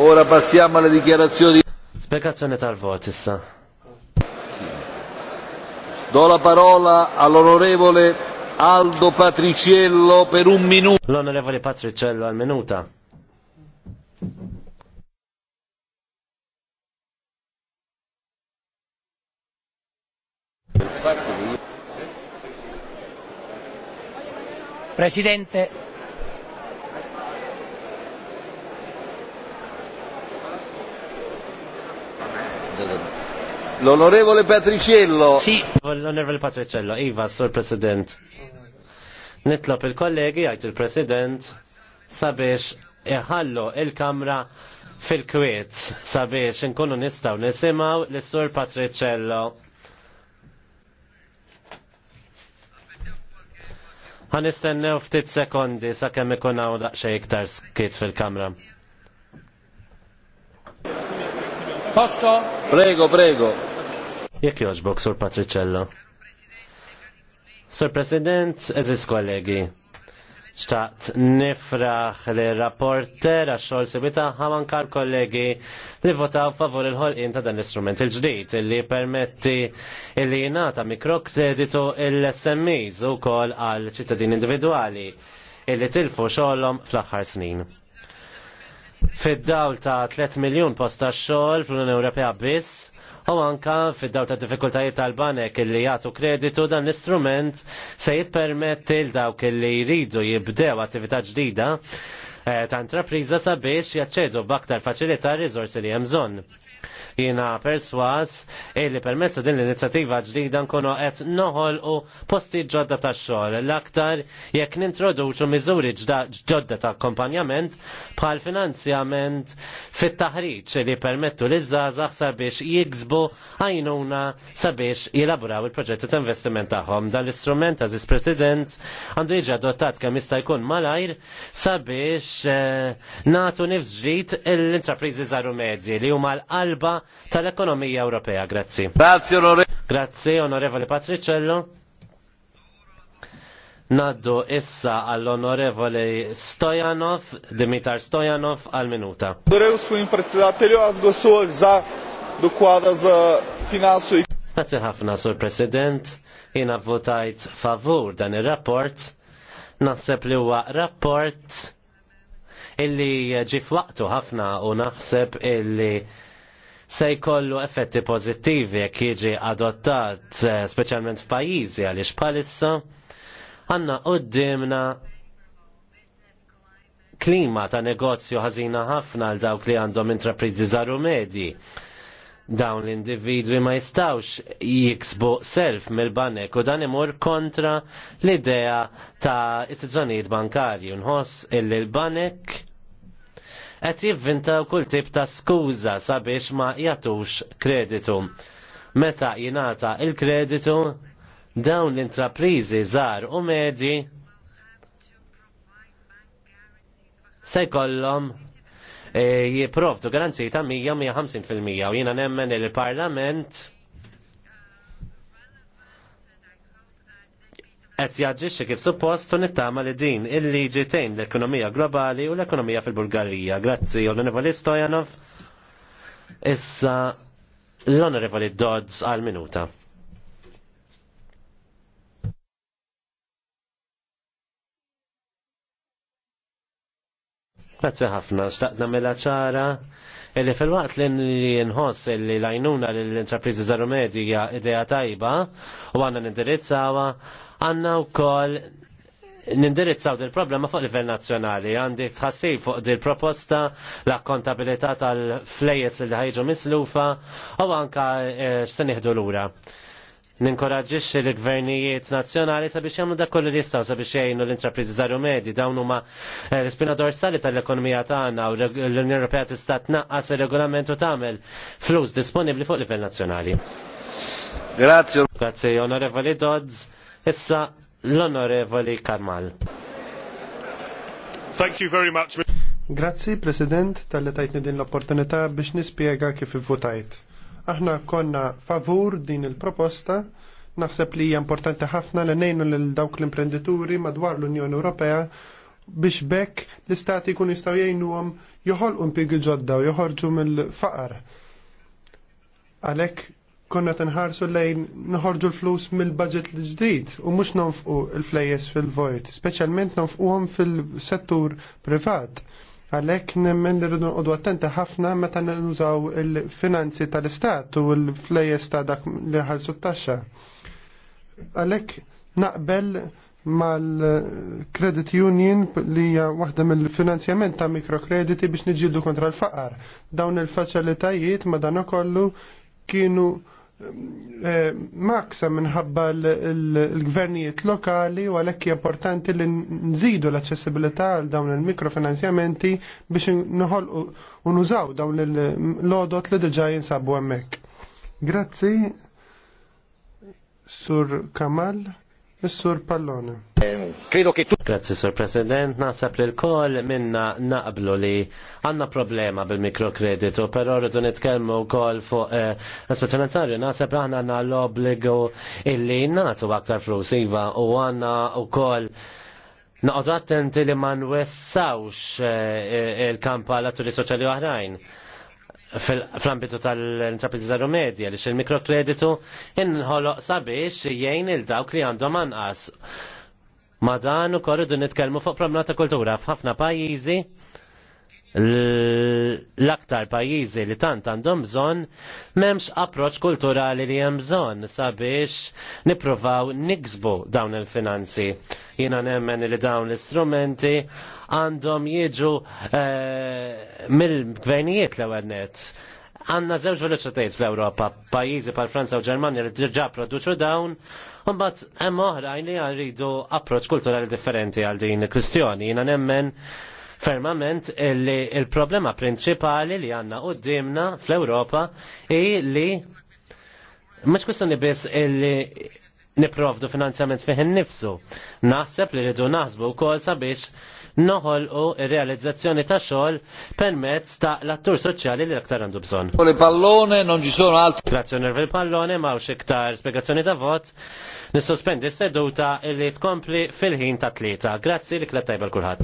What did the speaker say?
Ora passiamo alle dichiarazioni. Spiegazione tal voce, sa. Do la parola all'onorevole Aldo Patriciello per un minuto. L'onorevole Patriciello al minuto. Presidente, L'onorevole Patriciello. Sì, l'onorevole Patriciello, Iva, sur President. Nitlob il-kollegi, għajt il-President, sabiex iħallu il-Kamra fil-kwiet, sabiex nkunu nistaw nisimaw l-sur Patriciello. Għanistennew ftit sekondi sa' kemm ikun hawn daqsxejn iktar skiet fil-kamra. Posso? Prego, prego. Jekk joġbok, Sur Patricello. Sur President, eżis kollegi. Xtaqt nifraħ li rapporter għax xogħol ħaman ħamankar kollegi li votaw favor il-ħolqien ta' dan l-istrument il-ġdid li permetti li jingħata mikrokreditu l-SMEs ukoll għal ċittadini individwali illi tilfu xogħolhom fl-aħħar snin fid-dawl ta' 3 miljon posta xogħol fl-Unjoni Ewropea biss u anka fid daw ta' diffikultajiet tal-banek illi jagħtu kreditu dan l-istrument se jippermetti l dawk illi jridu jibdew attività ġdida Eh, ta' intrapriża sabiex jaċċedu b'aktar faċilità r rizorsi li hemm bżonn. Jiena perswas illi permezz din l-inizjattiva ġdida nkunu qed noħolqu posti ġodda ta' xogħol l-aktar jekk nintroduċu miżuri ġodda ta' akkompanjament bħal finanzjament fit-taħriġ li permettu li żgħażagħ sabiex jiksbu għajnuna sabiex jilaboraw il-proġetti ta' investiment tagħhom. Dan l-istrument għażis President għandu jiġi adottat kemm jista' jkun malajr sabiex Eh, natu nifżrit l-intrapriżi zaru medzi li huma l alba tal-ekonomija Ewropea. Grazzi. Grazzi, onore. Grazzi, onorevoli Patriċello. Naddu issa għall-onorevoli Stojanov, Dimitar Stojanov, għal-minuta. Grazzi ħafna, Sur President. Jina votajt favur dan il-rapport. Naħseb li huwa rapport illi ġi flaqtu ħafna u naħseb illi se jkollu effetti pozittivi jekk jiġi adottat eh, speċjalment f'pajjiżi għaliex bħalissa għandna qudiemna klima ta' negozju ħażina ħafna għal dawk li għandhom intrapriżi żaru medji. Dawn l-individwi ma jistawx jiksbu self mill-banek u dan imur kontra l-idea ta' istituzzjonijiet bankarji. Nħoss illi l-banek qed jivvintaw kull tip ta' skuża sabiex ma jagħtux kreditu. Meta jingħata il-kreditu, dawn l-intraprizi zar u medji se jkollhom e, jipprovdu garanzija ta' 100-150% u jiena nemmen il-Parlament qed jaġixxi kif suppost u nittama li din il-liġi tejn l-ekonomija globali u l-ekonomija fil-Bulgarija. Grazzi u l-Onorevoli Stojanov. Issa l-Onorevoli Dodds għal minuta. Grazzi ħafna, xtaqna mela ċara Illi fil-waqt li nħoss li lajnuna l-intrapriżi zaru medja idea tajba u għanna nindirizzawa, għanna u koll nindirizzaw dil problema fuq livell nazzjonali. Għandi tħassib fuq dil proposta la kontabilità tal-flejes li ħajġu mislufa u għanka x'se eh, nieħdu lura. ura ninkoraġġixxi l-gvernijiet nazzjonali sabiex jagħmlu dak kollu li jistgħu sabiex jgħinu l-intrapriżi żaru medji dawn huma eh, l-ispina dorsali tal-ekonomija tagħna u l-Unjoni Ewropea tista' tnaqqas ir-regolamentu tagħmel flus disponibbli fuq livell nazzjonali. Grazie. Grazie, onorevoli Dodds. Issa l-onorevoli Karmal. Thank you very much. Grazzi, President, tal-li tajtni din l-opportunità biex nispiega kif votajt. Aħna konna favur din il-proposta, naħseb li hija importanti ħafna li nejnu lil dawk l-imprenditori madwar l-Unjoni Ewropea biex bekk l-istati kun jistaw jgħinuhom joħolqu impjiegi ġodda u joħorġu mill-faqar. Għalhekk konna tinħarsu lejn noħorġu l-flus mill-budget l-ġdid u mhux nonfqu l-flejes fil-vojt, speċjalment nonfquhom fil-settur privat. Għalek nemmen li rridu nqodu attenti ħafna meta nużaw il-finanzi tal-istat u l-flejes ta' dak li ħalsu t-taxxa. Għalek naqbel mal-Credit Union li hija waħda mill-finanzjament ta' mikrokrediti biex niġġieldu kontra l-faqar. Dawn il-faċilitajiet ma dan kienu maksa minħabba l-gvernijiet lokali u għalhekk importanti li nżidu l-aċċessibilità għal dawn il-mikrofinanzjamenti biex nħolqu u nużaw dawn l-lodot li diġà jinsabu hemmhekk. Grazzi, Sur Kamal, Sur Pallone. Ehm, Grazzi, Sur President. Nasab li l-koll minna naqblu li għanna problema bil-mikrokreditu, pero rridu nitkelmu wkoll fuq eh, aspet finanzarju. Nasab aħna għanna l-obligu illi natu aktar flusiva, u għanna wkoll naqdu attenti li ma nwessawx eh, il-kampa l-atturi soċjali oħrajn fl-ambitu tal-intrapriżi medja li il mikrokreditu inħoloq sabiex jgħin il-dawk li għandhom anqas Ma dan u korridu nitkellmu fuq problema ta' kultura f'ħafna pajjiżi l-aktar pajjiżi li tant għandhom bżonn m'hemmx approċċ kulturali li hemm bżonn sabiex nippruvaw niksbu dawn il-finanzi. Jiena nemmen li dawn l-istrumenti għandhom jiġu eh, mill-gvernijiet l-ewwel nett Għanna zewġ veloċitajiet fl-Ewropa, pajjiżi pal Franza u Ġermanja li diġà produċu dawn, un bat hemm oħrajn li għarridu approċċ kulturali differenti għal din il-kwistjoni. Jiena nemmen fermament li il-problema prinċipali li għanna u fl-Ewropa i li maċ kwistjoni bis li niprovdu finanzjament fiħin nifsu. Naħseb li rridu naħsbu wkoll sabiex noħol u realizzazzjoni ta' xogħol permezz ta' l-attur soċjali li l-aktar għandu bżonn. Ole pallone non ġi sono altri. Grazzi onorevoli pallone ma' u xiktar spiegazzjoni ta' vot. Nissospendi s-seduta li tkompli fil-ħin ta' tlita. Grazzi li kla tajba l-kulħadd.